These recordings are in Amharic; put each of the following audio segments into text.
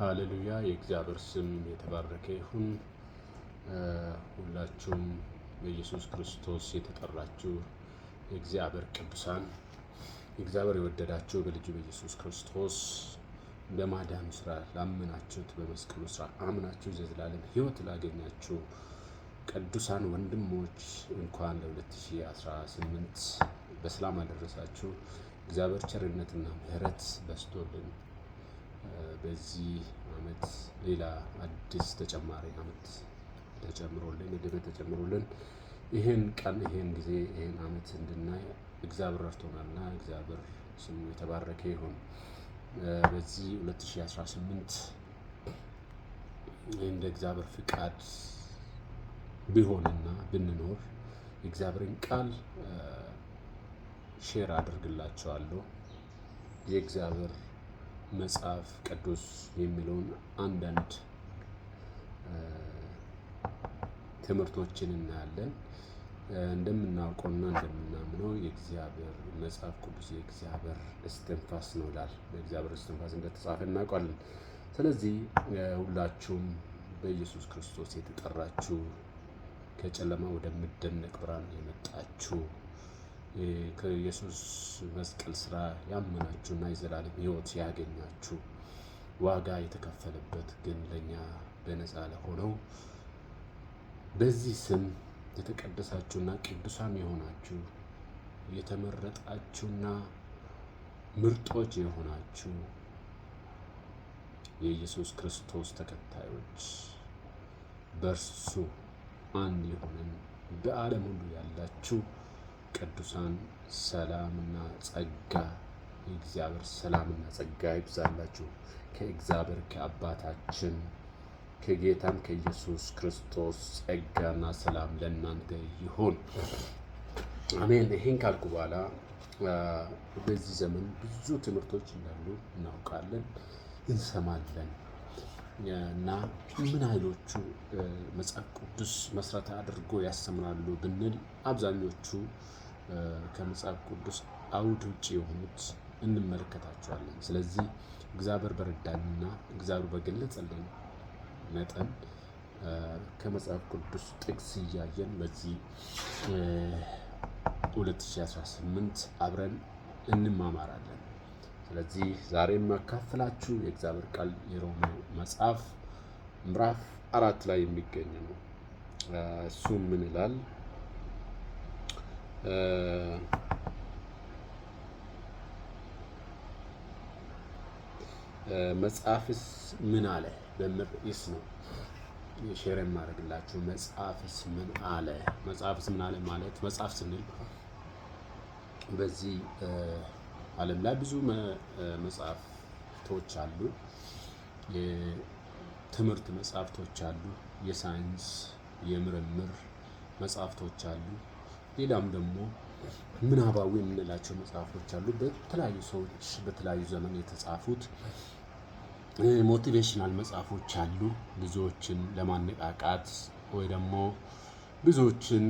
ሃሌሉያ የእግዚአብሔር ስም የተባረከ ይሁን። ሁላችሁም በኢየሱስ ክርስቶስ የተጠራችሁ የእግዚአብሔር ቅዱሳን እግዚአብሔር የወደዳችሁ በልጁ በኢየሱስ ክርስቶስ በማዳኑ ስራ ላመናችሁት በመስቀሉ ስራ አምናችሁ የዘላለም ህይወት ላገኛችሁ ቅዱሳን ወንድሞች እንኳን ለ2018 በሰላም አደረሳችሁ። እግዚአብሔር ቸርነትና ምሕረት በስቶልን በዚህ አመት ሌላ አዲስ ተጨማሪ አመት ተጨምሮልን ዕድሜ ተጨምሮልን ይህን ቀን ይህን ጊዜ ይህን አመት እንድናይ እግዚአብሔር ረድቶናልና እግዚአብሔር ስሙ የተባረከ ይሁን። በዚህ 2018 እንደ እግዚአብሔር ፍቃድ ቢሆንና ብንኖር የእግዚአብሔርን ቃል ሼር አድርግላቸዋለሁ የእግዚአብሔር መጽሐፍ ቅዱስ የሚለውን አንዳንድ ትምህርቶችን እናያለን። እንደምናውቀውና እንደምናምነው የእግዚአብሔር መጽሐፍ ቅዱስ የእግዚአብሔር እስትንፋስ ነው ይላል። በእግዚአብሔር እስትንፋስ እንደተጻፈ እናውቃለን። ስለዚህ ሁላችሁም በኢየሱስ ክርስቶስ የተጠራችሁ ከጨለማ ወደሚደነቅ ብርሃን የመጣችሁ ከኢየሱስ መስቀል ስራ ያመናችሁና የዘላለም ሕይወት ያገኛችሁ ዋጋ የተከፈለበት ግን ለእኛ በነፃ ለሆነው በዚህ ስም የተቀደሳችሁና ቅዱሳን የሆናችሁ የተመረጣችሁና ምርጦች የሆናችሁ የኢየሱስ ክርስቶስ ተከታዮች በእርሱ አንድ የሆነን በዓለም ሁሉ ያላችሁ ቅዱሳን ሰላምና ጸጋ የእግዚአብሔር ሰላምና ጸጋ ይብዛላችሁ ከእግዚአብሔር ከአባታችን ከጌታም ከኢየሱስ ክርስቶስ ጸጋና ሰላም ለእናንተ ይሁን፣ አሜን። ይህን ካልኩ በኋላ በዚህ ዘመን ብዙ ትምህርቶች እንዳሉ እናውቃለን፣ እንሰማለን እና ምን ኃይሎቹ መጽሐፍ ቅዱስ መሰረት አድርጎ ያስተምራሉ ብንል አብዛኞቹ ከመጽሐፍ ቅዱስ አውድ ውጭ የሆኑት እንመለከታቸዋለን። ስለዚህ እግዚአብሔር በረዳንና እግዚአብሔር በገለጸልን መጠን ከመጽሐፍ ቅዱስ ጥቅስ እያየን በዚህ 2018 አብረን እንማማራለን። ስለዚህ ዛሬ የማካፍላችሁ የእግዚአብሔር ቃል የሮሜ መጽሐፍ ምዕራፍ አራት ላይ የሚገኝ ነው። እሱ ምን ይላል? መጽሐፍስ ምን አለ? መምህር ነው ሼር የማደርግላችሁ። መጽሐፍስ ምን አለ? መጽሐፍስ ምን አለ ማለት መጽሐፍ ስንል በዚህ ዓለም ላይ ብዙ መጽሐፍቶች አሉ። የትምህርት መጽሐፍቶች አሉ። የሳይንስ የምርምር መጽሐፍቶች አሉ። ሌላም ደግሞ ምናባዊ የምንላቸው መጽሐፎች አሉ። በተለያዩ ሰዎች በተለያዩ ዘመን የተጻፉት ሞቲቬሽናል መጽሐፎች አሉ። ብዙዎችን ለማነቃቃት ወይ ደግሞ ብዙዎችን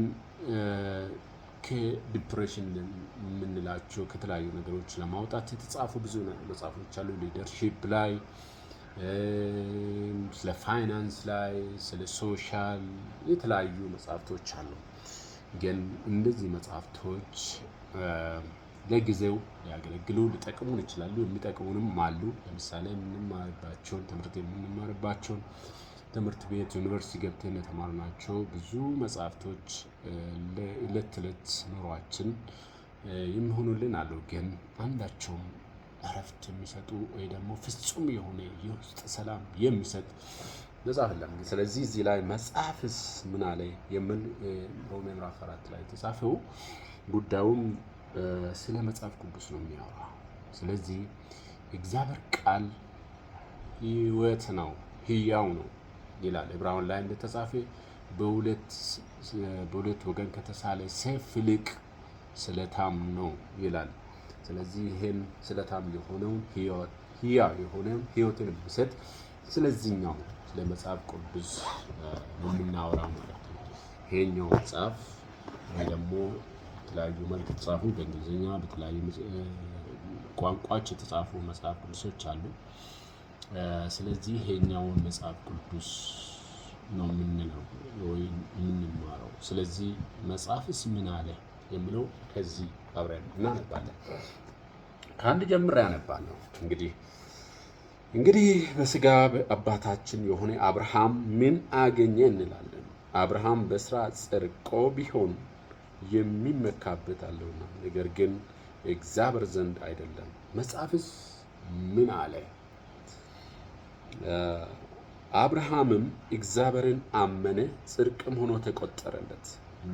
ከዲፕሬሽን የምንላቸው ከተለያዩ ነገሮች ለማውጣት የተጻፉ ብዙ መጽሐፎች አሉ። ሊደርሺፕ ላይ፣ ስለ ፋይናንስ ላይ፣ ስለ ሶሻል የተለያዩ መጽሐፍቶች አሉ። ግን እነዚህ መጽሐፍቶች ለጊዜው ሊያገለግሉ ሊጠቅሙን ይችላሉ። የሚጠቅሙንም አሉ። ለምሳሌ የምንማርባቸውን ትምህርት የምንማርባቸውን ትምህርት ቤት ዩኒቨርሲቲ ገብተን የተማርናቸው ብዙ መጽሐፍቶች ለእለት ዕለት ኑሯችን የሚሆኑልን አሉ። ግን አንዳቸውም እረፍት የሚሰጡ ወይ ደግሞ ፍጹም የሆነ የውስጥ ሰላም የሚሰጥ መጽሐፍ የለም። ስለዚህ እዚህ ላይ መጽሐፍስ ምን አለ የሚል ሮሜ ምዕራፍ አራት ላይ የተጻፈው ጉዳዩም ስለ መጽሐፍ ቅዱስ ነው የሚያወራ። ስለዚህ እግዚአብሔር ቃል ህይወት ነው፣ ህያው ነው ይላል። ዕብራውያን ላይ እንደተጻፈ በሁለት ወገን ከተሳለ ሰይፍ ይልቅ ስለታም ነው ይላል። ስለዚህ ይህን ስለታም የሆነውን ሕያው የሆነ ህይወትን የሚሰጥ ስለዚህኛው ነው። ስለ መጽሐፍ ቅዱስ የምናወራው ማለት ነው። ይሄኛው መጽሐፍ ወይ ደግሞ በተለያዩ መልክ የተጻፉ በእንግሊዝኛ በተለያዩ ቋንቋዎች የተጻፉ መጽሐፍ ቅዱሶች አሉ። ስለዚህ ይሄኛውን መጽሐፍ ቅዱስ ነው የምንለው ወይ የምንማረው። ስለዚህ መጽሐፍስ ምን አለ የሚለው ከዚህ አብረን እናነባለን። ከአንድ ጀምሬ ያነባለሁ እንግዲህ እንግዲህ በስጋ አባታችን የሆነ አብርሃም ምን አገኘ እንላለን። አብርሃም በስራ ጸድቆ ቢሆን የሚመካበት አለውና፣ ነገር ግን እግዚአብሔር ዘንድ አይደለም። መጽሐፍስ ምን አለ? አብርሃምም እግዚአብሔርን አመነ፣ ጽድቅም ሆኖ ተቆጠረለት።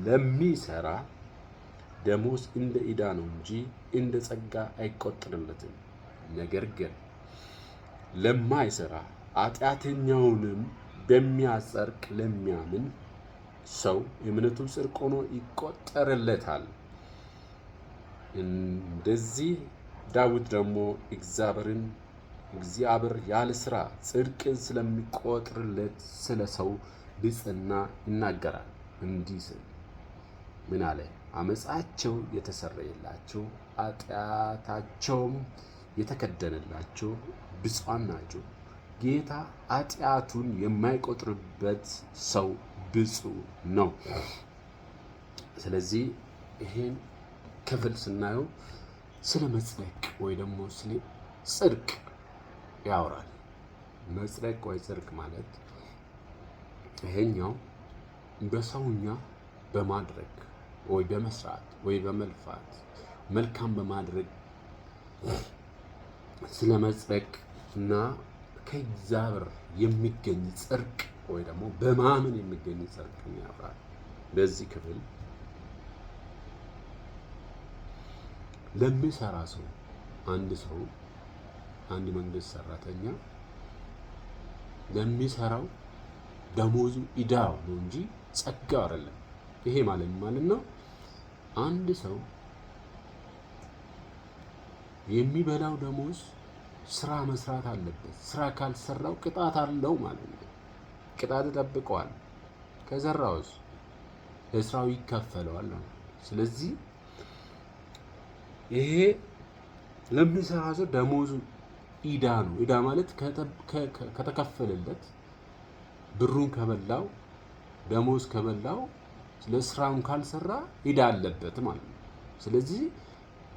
ለሚሰራ ደሞዝ እንደ ዕዳ ነው እንጂ እንደ ጸጋ አይቆጠርለትም። ነገር ግን ለማይሰራ ኃጢአተኛውንም በሚያጸርቅ ለሚያምን ሰው እምነቱ ጽድቅ ሆኖ ይቆጠርለታል። እንደዚህ ዳዊት ደግሞ እግዚአብሔርን እግዚአብሔር ያለ ስራ ጽድቅን ስለሚቆጥርለት ስለ ሰው ብፅና ይናገራል። እንዲህ ስል ምን አለ? አመፃቸው የተሰረየላቸው ኃጢአታቸውም የተከደነላቸው ብፁዓን ናቸው። ጌታ ኃጢአቱን የማይቆጥርበት ሰው ብፁ ነው። ስለዚህ ይሄን ክፍል ስናየው ስለ መጽደቅ ወይ ደግሞ ስለ ጽድቅ ያወራል። መጽደቅ ወይ ጽድቅ ማለት ይሄኛው በሰውኛ በማድረግ ወይ በመስራት ወይ በመልፋት መልካም በማድረግ ስለ መጽደቅ እና ከእግዚአብሔር የሚገኝ ጽድቅ ወይ ደግሞ በማመን የሚገኝ ጽድቅ ያወራል። በዚህ ክፍል ለሚሰራ ሰው አንድ ሰው አንድ መንግስት ሰራተኛ ለሚሰራው ደሞዙ ኢዳው ነው እንጂ ጸጋ አይደለም። ይሄ ማለት ማለት ነው አንድ ሰው የሚበላው ደሞዝ ስራ መስራት አለበት። ስራ ካልሰራው ቅጣት አለው ማለት ነው። ቅጣት ጠብቀዋል። ከዘራውስ ለስራው ይከፈለዋል። ነው። ስለዚህ ይሄ ለሚሰራ ሰው ደሞዙ ኢዳ ነው። ኢዳ ማለት ከተከፈለለት ብሩን ከበላው ደሞዝ ከበላው ስለ ስራውን ካልሰራ ኢዳ አለበት ማለት ነው። ስለዚህ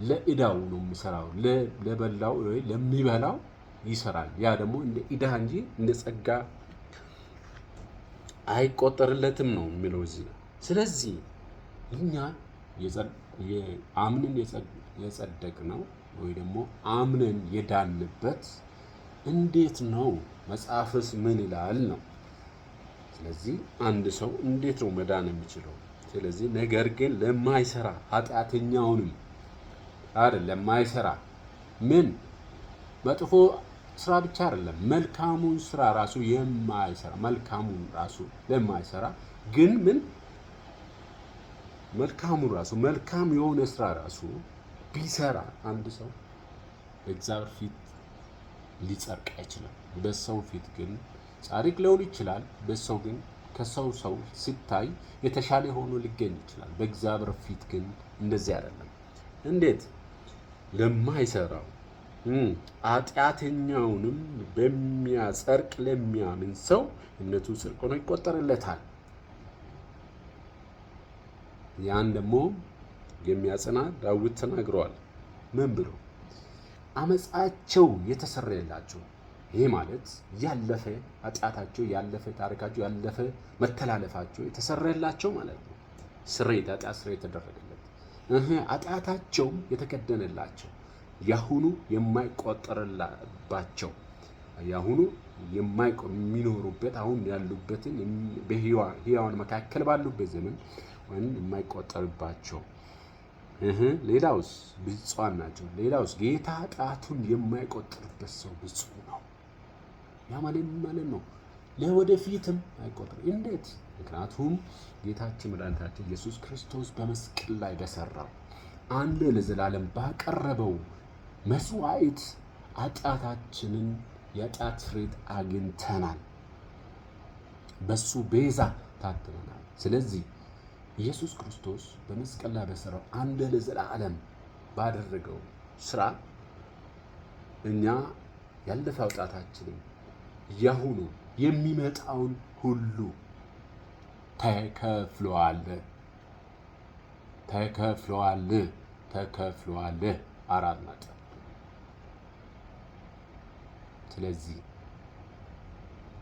ለእዳው ነው የሚሰራው። ለበላው ለሚበላው ይሰራል። ያ ደግሞ እንደ ኢዳ እንጂ እንደ ጸጋ አይቆጠርለትም ነው የሚለው እዚህ። ስለዚህ እኛ አምነን የጸደቅ ነው ወይ ደግሞ አምነን የዳንበት እንዴት ነው? መጽሐፍስ ምን ይላል ነው። ስለዚህ አንድ ሰው እንዴት ነው መዳን የሚችለው? ስለዚህ ነገር ግን ለማይሰራ ኃጢአተኛውንም አይደለም ማይሰራ ምን መጥፎ ስራ ብቻ አይደለም መልካሙን ስራ ራሱ የማይሰራ መልካሙን ራሱ ለማይሰራ ግን ምን መልካሙን ራሱ መልካም የሆነ ስራ ራሱ ቢሰራ አንድ ሰው በእግዚአብሔር ፊት ሊጸድቅ አይችልም። በሰው ፊት ግን ጻድቅ ሊሆን ይችላል። በሰው ግን ከሰው ሰው ሲታይ የተሻለ ሆኖ ሊገኝ ይችላል። በእግዚአብሔር ፊት ግን እንደዚህ አይደለም። እንዴት ለማይሰራው ኃጢአተኛውንም በሚያጸድቅ ለሚያምን ሰው እምነቱ ጽድቅ ሆኖ ይቆጠርለታል። ያን ደግሞ የሚያጸና ዳዊት ተናግረዋል። ምን ብሎ አመፃቸው የተሰረየላቸው። ይሄ ማለት ያለፈ ኃጢአታቸው፣ ያለፈ ታሪካቸው፣ ያለፈ መተላለፋቸው የተሰረየላቸው ማለት ነው። ስርየት ኃጢአት ስርየት ተደረገ ኃጢአታቸውም የተከደነላቸው ያሁኑ የማይቆጠርባቸው ያሁኑ የማይቆ የሚኖሩበት አሁን ያሉበትን በሕያዋን መካከል ባሉበት ዘመን ወይም የማይቆጠርባቸው ሌላውስ ብፁዓን ናቸው። ሌላውስ ጌታ ጣቱን የማይቆጥርበት ሰው ብፁዕ ነው። ያ ማለት ማለት ነው። ለወደፊትም አይቆጥር። እንዴት? ምክንያቱም ጌታችን መድኃኒታችን ኢየሱስ ክርስቶስ በመስቀል ላይ በሰራው አንድ ለዘላለም ባቀረበው መስዋዕት አጣታችንን የጣት ፍሬት አግኝተናል። በሱ ቤዛ ታትመናል። ስለዚህ ኢየሱስ ክርስቶስ በመስቀል ላይ በሰራው አንድ ለዘላለም ባደረገው ስራ እኛ ያለፈው ጣታችንን ያሁኑ የሚመጣውን ሁሉ ተከፍሏል ተከፍሏል ተከፍሏል አራት ነጥብ። ስለዚህ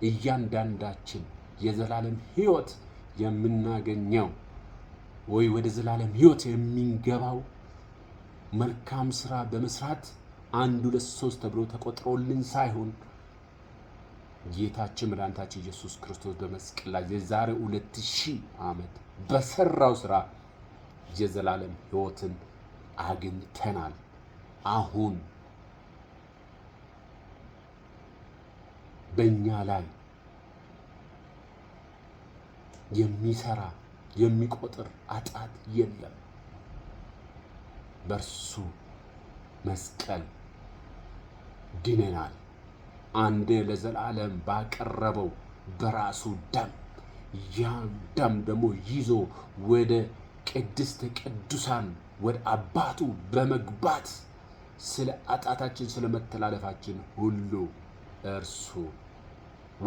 እያንዳንዳችን የዘላለም ህይወት የምናገኘው ወይ ወደ ዘላለም ህይወት የሚንገባው መልካም ስራ በመስራት አንዱ ሁለት ተብሎ ተቆጥሮልን ሳይሆን ጌታችን መድኃኒታችን ኢየሱስ ክርስቶስ በመስቀል ላይ የዛሬ ሁለት ሺህ ዓመት በሰራው ስራ የዘላለም ሕይወትን አግኝተናል። አሁን በእኛ ላይ የሚሰራ የሚቆጥር አጣት የለም። በእርሱ መስቀል ድነናል። አንዴ ለዘላለም ባቀረበው በራሱ ደም ያ ደም ደግሞ ይዞ ወደ ቅድስተ ቅዱሳን ወደ አባቱ በመግባት ስለ አጣታችን ስለ መተላለፋችን ሁሉ እርሱ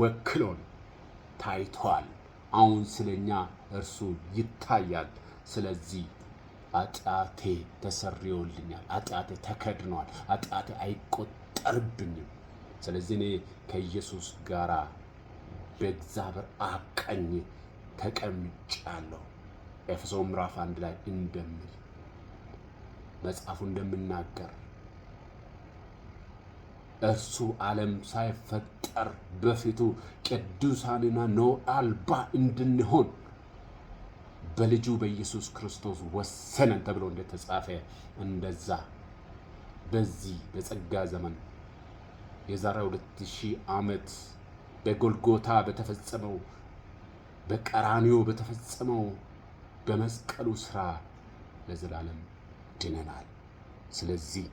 ወክሎን ታይቷል። አሁን ስለኛ እርሱ ይታያል። ስለዚህ አጣቴ ተሰርዮልኛል፣ አጣቴ ተከድኗል፣ አጣቴ አይቆጠርብኝም። ስለዚህ እኔ ከኢየሱስ ጋር በእግዚአብሔር አብ ቀኝ ተቀምጫለሁ። ኤፌሶ ምዕራፍ አንድ ላይ እንደሚል መጽሐፉ እንደሚናገር እርሱ ዓለም ሳይፈጠር በፊቱ ቅዱሳንና ኖ አልባ እንድንሆን በልጁ በኢየሱስ ክርስቶስ ወሰነን ተብሎ እንደተጻፈ እንደዛ በዚህ በጸጋ ዘመን የዛሬ 2000 ዓመት በጎልጎታ በተፈጸመው በቀራኒዮ በተፈጸመው በመስቀሉ ስራ ለዘላለም ድነናል። ስለዚህ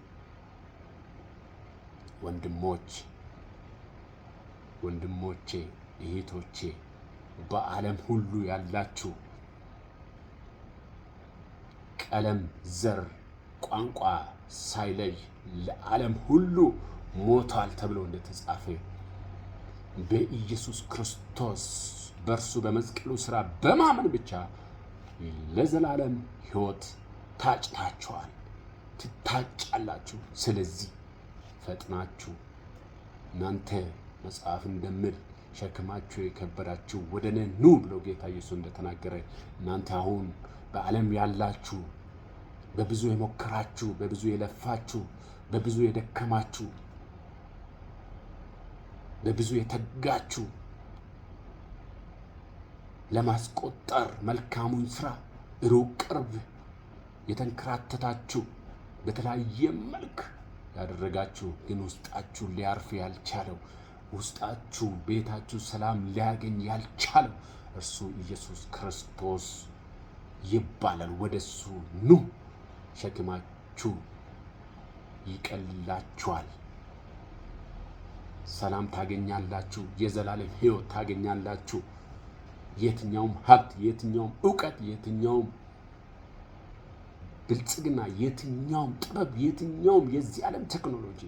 ወንድሞች ወንድሞቼ እህቶቼ በዓለም ሁሉ ያላችሁ ቀለም፣ ዘር፣ ቋንቋ ሳይለይ ለዓለም ሁሉ ሞቷል ተብሎ እንደተጻፈ በኢየሱስ ክርስቶስ በእርሱ በመስቀሉ ስራ በማመን ብቻ ለዘላለም ህይወት ታጭታችኋል፣ ትታጫላችሁ። ስለዚህ ፈጥናችሁ እናንተ መጽሐፍ እንደምል ሸክማችሁ የከበዳችሁ ወደ እኔ ኑ ብሎ ጌታ ኢየሱስ እንደተናገረ እናንተ አሁን በዓለም ያላችሁ በብዙ የሞከራችሁ፣ በብዙ የለፋችሁ፣ በብዙ የደከማችሁ በብዙ የተጋችሁ ለማስቆጠር መልካሙን ስራ ሩቅ ቅርብ የተንከራተታችሁ በተለያየ መልክ ያደረጋችሁ ግን ውስጣችሁ ሊያርፍ ያልቻለው ውስጣችሁ ቤታችሁ ሰላም ሊያገኝ ያልቻለው እርሱ ኢየሱስ ክርስቶስ ይባላል። ወደ እሱ ኑ፣ ሸክማችሁ ይቀልላችኋል። ሰላም ታገኛላችሁ፣ የዘላለም ህይወት ታገኛላችሁ። የትኛውም ሀብት፣ የትኛውም እውቀት፣ የትኛውም ብልጽግና፣ የትኛውም ጥበብ፣ የትኛውም የዚህ ዓለም ቴክኖሎጂ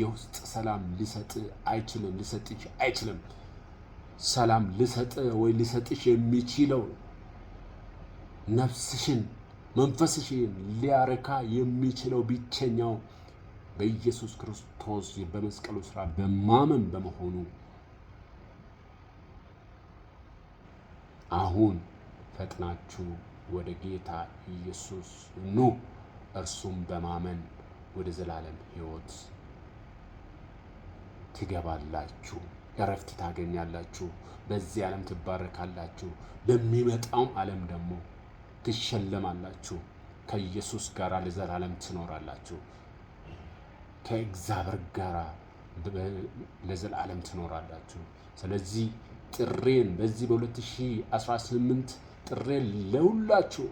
የውስጥ ሰላም ሊሰጥ አይችልም፣ ሊሰጥሽ አይችልም። ሰላም ልሰጥ ወይ ሊሰጥሽ የሚችለው ነፍስሽን መንፈስሽን ሊያረካ የሚችለው ብቸኛው በኢየሱስ ክርስቶስ ክርስቶስ በመስቀሉ ስራ በማመን በመሆኑ አሁን ፈጥናችሁ ወደ ጌታ ኢየሱስ ኑ፣ እርሱም በማመን ወደ ዘላለም ሕይወት ትገባላችሁ፣ እረፍት ታገኛላችሁ፣ በዚህ ዓለም ትባረካላችሁ፣ በሚመጣውም ዓለም ደግሞ ትሸለማላችሁ፣ ከኢየሱስ ጋር ለዘላለም ትኖራላችሁ። ከእግዚአብሔር ጋር ለዘላለም ትኖራላችሁ። ስለዚህ ጥሬን በዚህ በ2018 ጥሬን ለሁላችሁ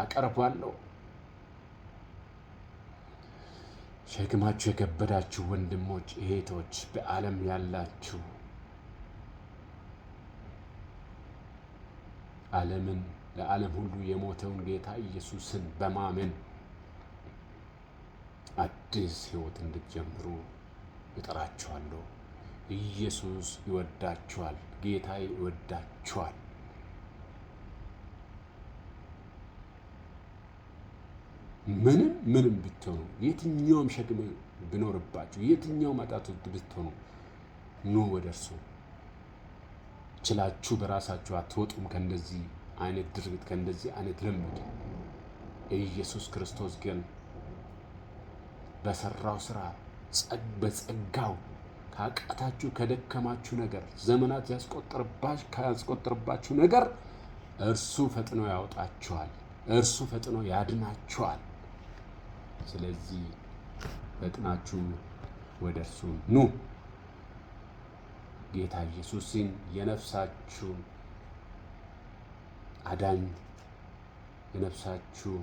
አቀርባለሁ። ሸክማችሁ የከበዳችሁ ወንድሞች እህቶች፣ በዓለም ያላችሁ ዓለምን ለዓለም ሁሉ የሞተውን ጌታ ኢየሱስን በማመን አዲስ ህይወት እንድትጀምሩ እጠራችኋለሁ። ኢየሱስ ይወዳችኋል። ጌታ ይወዳችኋል። ምንም ምንም ብትሆኑ፣ የትኛውም ሸክም ቢኖርባችሁ፣ የትኛውም አጣቶት ብትሆኑ ኑ ወደ እርሱ። ችላችሁ በራሳችሁ አትወጡም። ከእንደዚህ አይነት ድርጊት ከእንደዚህ አይነት ልምድ ኢየሱስ ክርስቶስ ግን በሰራው ስራ በጸጋው ካቃታችሁ ከደከማችሁ ነገር ዘመናት ያስቆጠርባችሁ ነገር እርሱ ፈጥኖ ያወጣችኋል። እርሱ ፈጥኖ ያድናችኋል። ስለዚህ ፈጥናችሁ ወደ እርሱ ኑ። ጌታ ኢየሱስን የነፍሳችሁ አዳኝ የነፍሳችሁ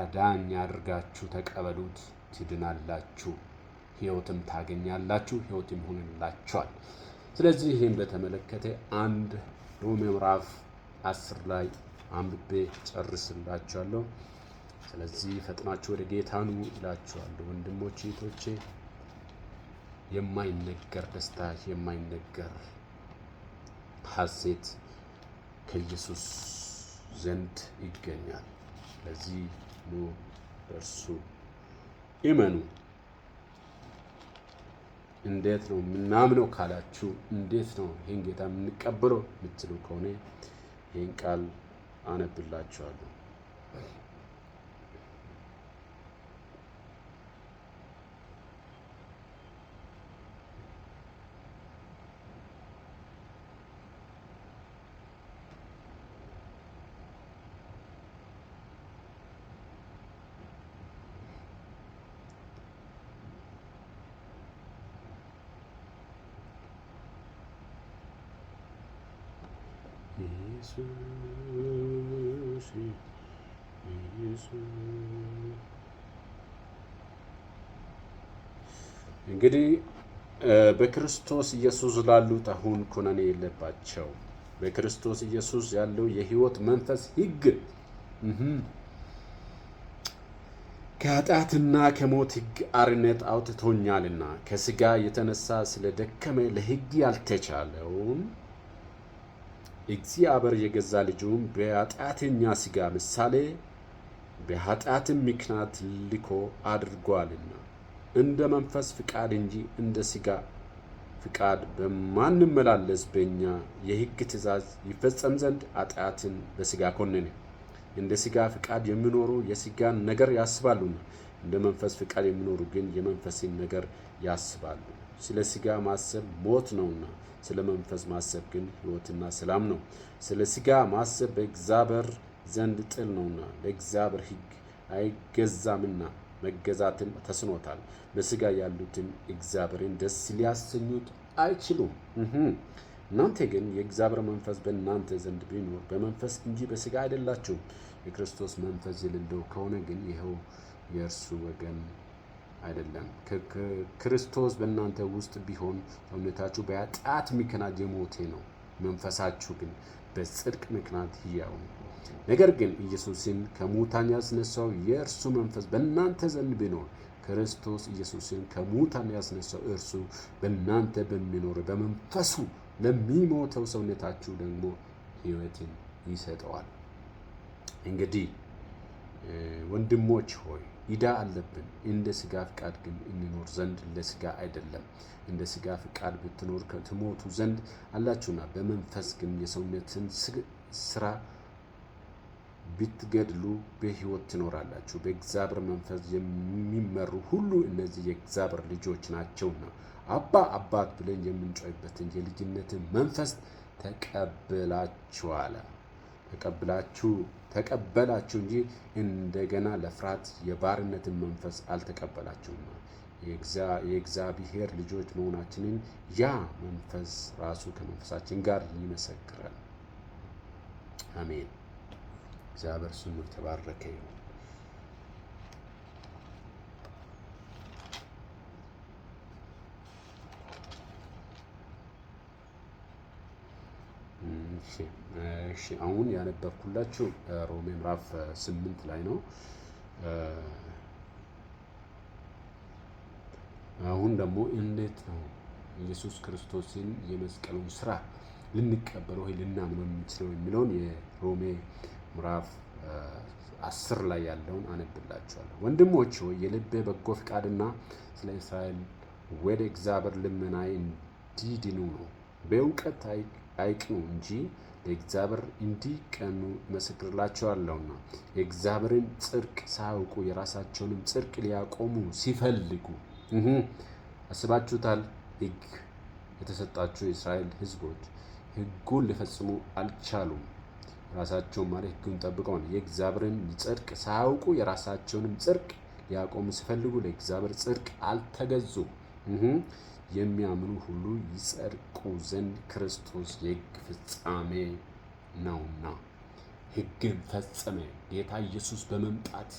አዳኝ አድርጋችሁ ተቀበሉት። ትድናላችሁ፣ ህይወትም ታገኛላችሁ፣ ህይወትም ይሆንላችኋል። ስለዚህ ይህን በተመለከተ አንድ ሮሜ ምዕራፍ አስር ላይ አንብቤ ጨርስላችኋለሁ። ስለዚህ ፈጥናችሁ ወደ ጌታ ኑ እላችኋለሁ ወንድሞቼ እህቶቼ። የማይነገር ደስታ የማይነገር ሐሴት ከኢየሱስ ዘንድ ይገኛል። ስለዚህ ኑ ደርሱ። እመኑ። እንዴት ነው የምናምነው ካላችሁ፣ እንዴት ነው ይህን ጌታ የምንቀበለው የምትሉ ከሆነ ይህን ቃል አነብላችኋለሁ። እንግዲህ በክርስቶስ ኢየሱስ ላሉት አሁን ኩነኔ የለባቸው። በክርስቶስ ኢየሱስ ያለው የህይወት መንፈስ ህግ ከኃጢአትና ከሞት ህግ አርነት አውጥቶኛልና ከስጋ የተነሳ ስለደከመ ለህግ ያልተቻለውን እግዚአብሔር የገዛ ልጁም በኃጢአተኛ ሥጋ ምሳሌ በኃጢአትም ምክንያት ልኮ አድርጓልና እንደ መንፈስ ፍቃድ እንጂ እንደ ሥጋ ፍቃድ በማንመላለስ በእኛ የሕግ ትእዛዝ ይፈጸም ዘንድ ኃጢአትን በሥጋ ኮነነ። እንደ ሥጋ ፍቃድ የሚኖሩ የሥጋን ነገር ያስባሉና እንደ መንፈስ ፍቃድ የሚኖሩ ግን የመንፈስን ነገር ያስባሉ። ስለ ሥጋ ማሰብ ሞት ነውና ስለ መንፈስ ማሰብ ግን ሕይወትና ሰላም ነው። ስለ ሥጋ ማሰብ በእግዚአብሔር ዘንድ ጥል ነውና ለእግዚአብሔር ሕግ አይገዛምና መገዛትን ተስኖታል። በሥጋ ያሉትን እግዚአብሔርን ደስ ሊያሰኙት አይችሉም። እናንተ ግን የእግዚአብሔር መንፈስ በእናንተ ዘንድ ቢኖር በመንፈስ እንጂ በሥጋ አይደላችሁም። የክርስቶስ መንፈስ የሌለው ከሆነ ግን ይኸው የእርሱ ወገን አይደለም። ክርስቶስ በእናንተ ውስጥ ቢሆን ሰውነታችሁ በኃጢአት ምክንያት የሞተ ነው፣ መንፈሳችሁ ግን በጽድቅ ምክንያት ሕያው ነው። ነገር ግን ኢየሱስን ከሙታን ያስነሳው የእርሱ መንፈስ በእናንተ ዘንድ ቢኖር ክርስቶስ ኢየሱስን ከሙታን ያስነሳው እርሱ በእናንተ በሚኖር በመንፈሱ ለሚሞተው ሰውነታችሁ ደግሞ ሕይወትን ይሰጠዋል። እንግዲህ ወንድሞች ሆይ ይዳ አለብን። እንደ ስጋ ፍቃድ ግን እንኖር ዘንድ ለስጋ አይደለም፣ እንደ ስጋ ፍቃድ ብትኖር ትሞቱ ዘንድ አላችሁና፣ በመንፈስ ግን የሰውነትን ስራ ብትገድሉ በሕይወት ትኖራላችሁ። በእግዚአብሔር መንፈስ የሚመሩ ሁሉ እነዚህ የእግዚአብሔር ልጆች ናቸውና። አባ አባት ብለን የምንጮይበትን የልጅነትን መንፈስ ተቀብላችኋል። ተቀብላችሁ ተቀበላችሁ እንጂ እንደገና ለፍርሃት የባርነትን መንፈስ አልተቀበላችሁም። የእግዚአብሔር ልጆች መሆናችንን ያ መንፈስ ራሱ ከመንፈሳችን ጋር ይመሰክራል። አሜን። እግዚአብሔር ስሙ የተባረከ ይሁን። እሺ አሁን ያነበብኩላችሁ ሮሜ ምዕራፍ ስምንት ላይ ነው። አሁን ደግሞ እንዴት ነው ኢየሱስ ክርስቶስን የመስቀሉን ስራ ልንቀበለው ወይ ልናምነው የምንችለው የሚለውን የሮሜ ምዕራፍ አስር ላይ ያለውን አነብላችኋለሁ። ወንድሞች ሆይ የልቤ በጎ ፍቃድና ስለ እስራኤል ወደ እግዚአብሔር ልመናዬ እንዲድኑ ነው። በእውቀት አይቅኑ እንጂ ለእግዚአብሔር እንዲቀኑ እመሰክርላቸዋለሁና። የእግዚአብሔርን ጽድቅ ሳያውቁ የራሳቸውንም ጽድቅ ሊያቆሙ ሲፈልጉ አስባችሁታል? ሕግ የተሰጣቸው የእስራኤል ሕዝቦች ሕጉን ሊፈጽሙ አልቻሉም። ራሳቸውን ማለት ሕጉን ጠብቀው የእግዚአብሔርን ጽድቅ ሳያውቁ የራሳቸውንም ጽድቅ ሊያቆሙ ሲፈልጉ ለእግዚአብሔር ጽድቅ አልተገዙ የሚያምኑ ሁሉ ይጸድቁ ዘንድ ክርስቶስ የሕግ ፍጻሜ ነውና ሕግን ፈጸመ። ጌታ ኢየሱስ በመምጣት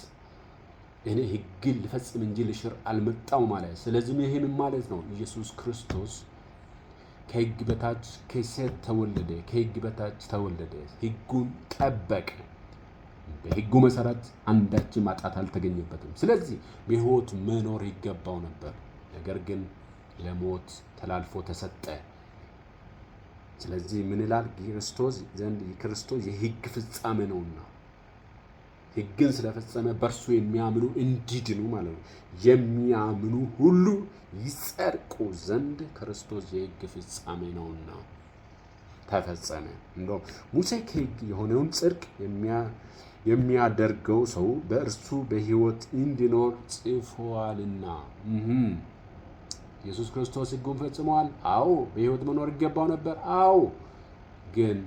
እኔ ሕግን ልፈጽም እንጂ ልሽር አልመጣው ማለት። ስለዚህም ይህንም ማለት ነው? ኢየሱስ ክርስቶስ ከሕግ በታች ከሴት ተወለደ፣ ከሕግ በታች ተወለደ። ሕጉን ጠበቀ። በሕጉ መሰረት አንዳችን ማጣት አልተገኘበትም። ስለዚህ በሕይወት መኖር ይገባው ነበር። ነገር ግን ለሞት ተላልፎ ተሰጠ። ስለዚህ ምን ይላል? ክርስቶስ ዘንድ ክርስቶስ የሕግ ፍጻሜ ነውና ሕግን ስለፈጸመ በእርሱ የሚያምኑ እንዲድኑ ማለት ነው። የሚያምኑ ሁሉ ይጸድቁ ዘንድ ክርስቶስ የሕግ ፍጻሜ ነውና ተፈጸመ። እንደውም ሙሴ ከሕግ የሆነውን ጽድቅ የሚያደርገው ሰው በእርሱ በሕይወት እንዲኖር ጽፏልና ኢየሱስ ክርስቶስ ሕጉን ፈጽመዋል? አዎ። በሕይወት መኖር ይገባው ነበር? አዎ። ግን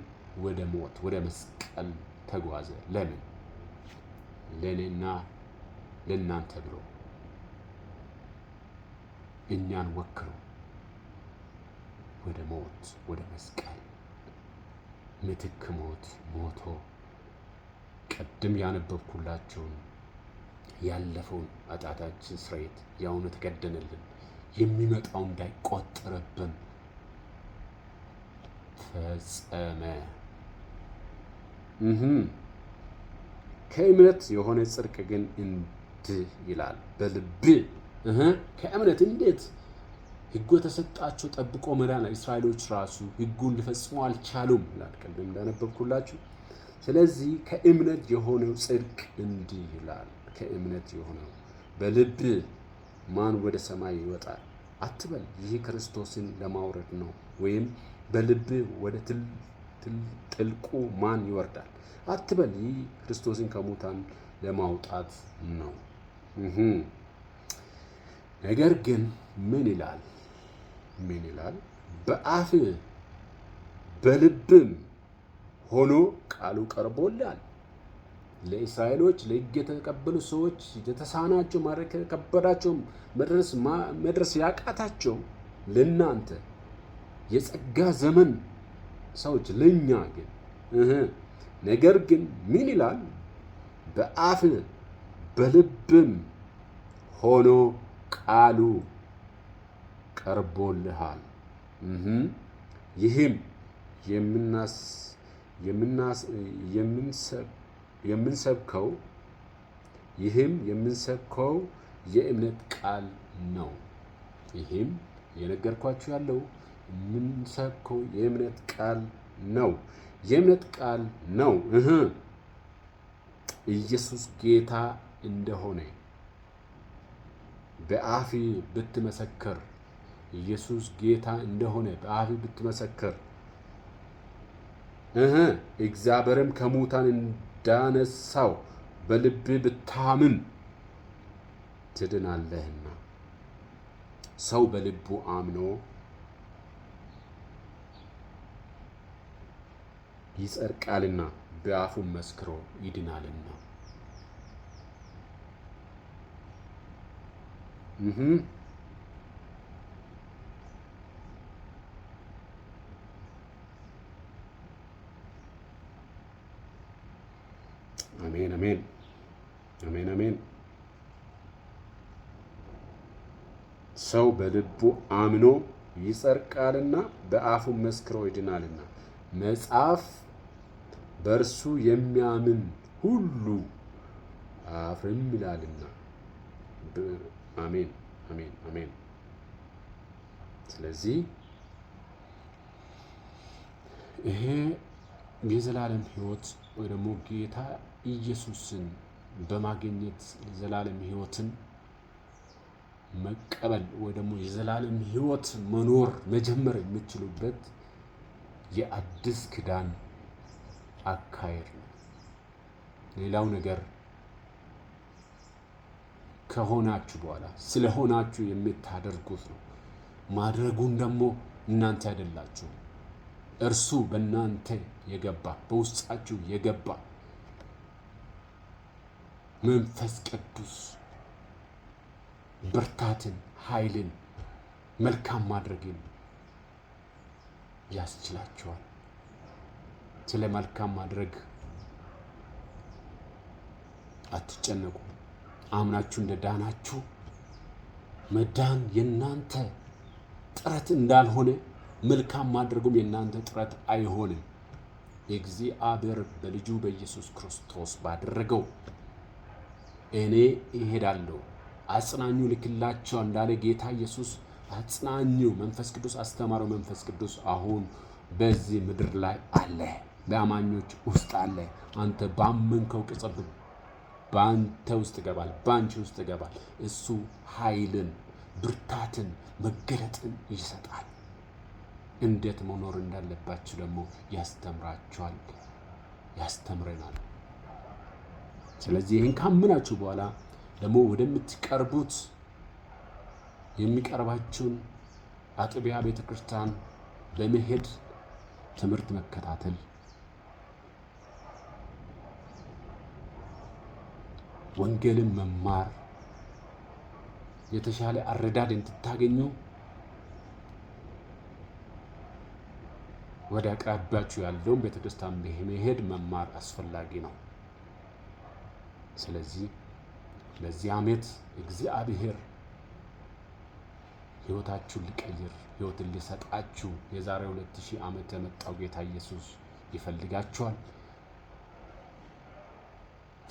ወደ ሞት ወደ መስቀል ተጓዘ። ለምን? ለእኔና ለእናንተ ብሎ እኛን ወክሎ ወደ ሞት ወደ መስቀል ምትክ ሞት ሞቶ ቅድም ያነበብኩላቸውን ያለፈውን አጣታችን ስርየት ያውኑ ተከደነልን። የሚመጣው እንዳይቆጠርብን ፈጸመ። ከእምነት የሆነ ጽድቅ ግን እንዲህ ይላል፣ በልብ ከእምነት እንዴት ሕጉ የተሰጣቸው ጠብቆ መዳን እስራኤሎች ራሱ ሕጉን ሊፈጽሙ አልቻሉም ይላል፣ ቅድም እንዳነበብኩላችሁ። ስለዚህ ከእምነት የሆነው ጽድቅ እንዲህ ይላል፣ ከእምነት የሆነው በልብ ማን ወደ ሰማይ ይወጣል አትበል። ይህ ክርስቶስን ለማውረድ ነው። ወይም በልብ ወደ ጥልቁ ማን ይወርዳል አትበል። ይህ ክርስቶስን ከሙታን ለማውጣት ነው። ነገር ግን ምን ይላል? ምን ይላል? በአፍ በልብም ሆኖ ቃሉ ቀርቦላል ለእስራኤሎች ለሕግ የተቀበሉ ሰዎች የተሳናቸው ማድረግ የከበዳቸው መድረስ መድረስ ያቃታቸው ለእናንተ የጸጋ ዘመን ሰዎች ለእኛ ግን ነገር ግን ምን ይላል? በአፍ በልብም ሆኖ ቃሉ ቀርቦልሃል። ይህም የምናስ የምናስ የምንሰብ የምንሰብከው ይህም የምንሰብከው የእምነት ቃል ነው። ይህም የነገርኳችሁ ያለው የምንሰብከው የእምነት ቃል ነው። የእምነት ቃል ነው እህ ኢየሱስ ጌታ እንደሆነ በአፊ ብትመሰክር ኢየሱስ ጌታ እንደሆነ በአፊ ብትመሰክር እህ እግዚአብሔርም ከሙታን እንዳነሳው በልብ ብታምን ትድናለህና። ሰው በልቡ አምኖ ይጸድቃልና በአፉም መስክሮ ይድናልና። አሜን አሜን አሜን አሜን። ሰው በልቡ አምኖ ይጸድቃልና በአፉ መስክሮ ይድናልና መጽሐፍ በእርሱ የሚያምን ሁሉ አፍርም ይላልና። አሜን አሜን አሜን። ስለዚህ ይሄ የዘላለም ሕይወት ወይ ደግሞ ጌታ ኢየሱስን በማግኘት የዘላለም ህይወትን መቀበል ወይ ደግሞ የዘላለም ህይወት መኖር መጀመር የምትችሉበት የአዲስ ኪዳን አካሄድ ነው። ሌላው ነገር ከሆናችሁ በኋላ ስለሆናችሁ የምታደርጉት ነው። ማድረጉን ደግሞ እናንተ አይደላችሁ፣ እርሱ በእናንተ የገባ በውስጣችሁ የገባ መንፈስ ቅዱስ ብርታትን፣ ኃይልን፣ መልካም ማድረግን ያስችላቸዋል። ስለ መልካም ማድረግ አትጨነቁ። አምናችሁ እንደ ዳናችሁ መዳን የእናንተ ጥረት እንዳልሆነ መልካም ማድረጉም የእናንተ ጥረት አይሆንም። የእግዚአብሔር በልጁ በኢየሱስ ክርስቶስ ባደረገው እኔ እሄዳለሁ አጽናኙ ልክላቸው እንዳለ ጌታ ኢየሱስ አጽናኙ መንፈስ ቅዱስ አስተማረው። መንፈስ ቅዱስ አሁን በዚህ ምድር ላይ አለ፣ በአማኞች ውስጥ አለ። አንተ ባመንከው ቅጽብ በአንተ ውስጥ ይገባል፣ በአንቺ ውስጥ ይገባል። እሱ ኃይልን፣ ብርታትን፣ መገለጥን ይሰጣል። እንዴት መኖር እንዳለባችሁ ደግሞ ያስተምራችኋል፣ ያስተምረናል። ስለዚህ ይህን ካመናችሁ በኋላ ደግሞ ወደምትቀርቡት የሚቀርባችሁን አጥቢያ ቤተ ክርስቲያን ለመሄድ ትምህርት መከታተል ወንጌልን መማር የተሻለ አረዳድ እንድታገኙ ወደ አቅራቢያችሁ ያለውን ቤተክርስቲያን መሄድ መማር አስፈላጊ ነው። ስለዚህ ለዚህ ዓመት እግዚአብሔር ሕይወታችሁን ሊቀይር ሕይወትን ሊሰጣችሁ የዛሬ 2000 ሺህ ዓመት የመጣው ጌታ ኢየሱስ ይፈልጋችኋል።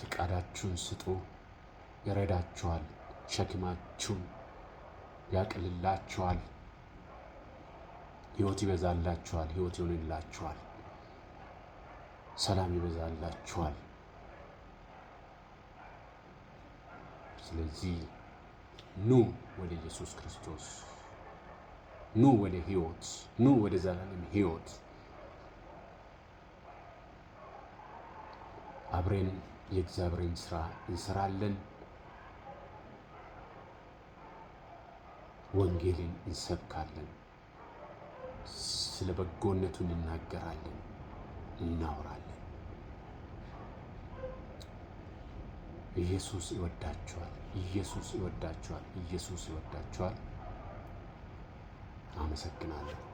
ፍቃዳችሁን ስጡ፣ ይረዳችኋል፣ ሸክማችሁን ያቅልላችኋል፣ ሕይወት ይበዛላችኋል፣ ሕይወት ይሆንላችኋል፣ ሰላም ይበዛላችኋል። ስለዚህ ኑ ወደ ኢየሱስ ክርስቶስ፣ ኑ ወደ ህይወት ኑ ወደ ዘላለም ህይወት አብረን የእግዚአብሔርን ስራ እንሰራለን፣ ወንጌልን እንሰብካለን፣ ስለ በጎነቱ እንናገራለን፣ እናወራለን። ኢየሱስ ይወዳችኋል። ኢየሱስ ይወዳችኋል። ኢየሱስ ይወዳችኋል። አመሰግናለሁ።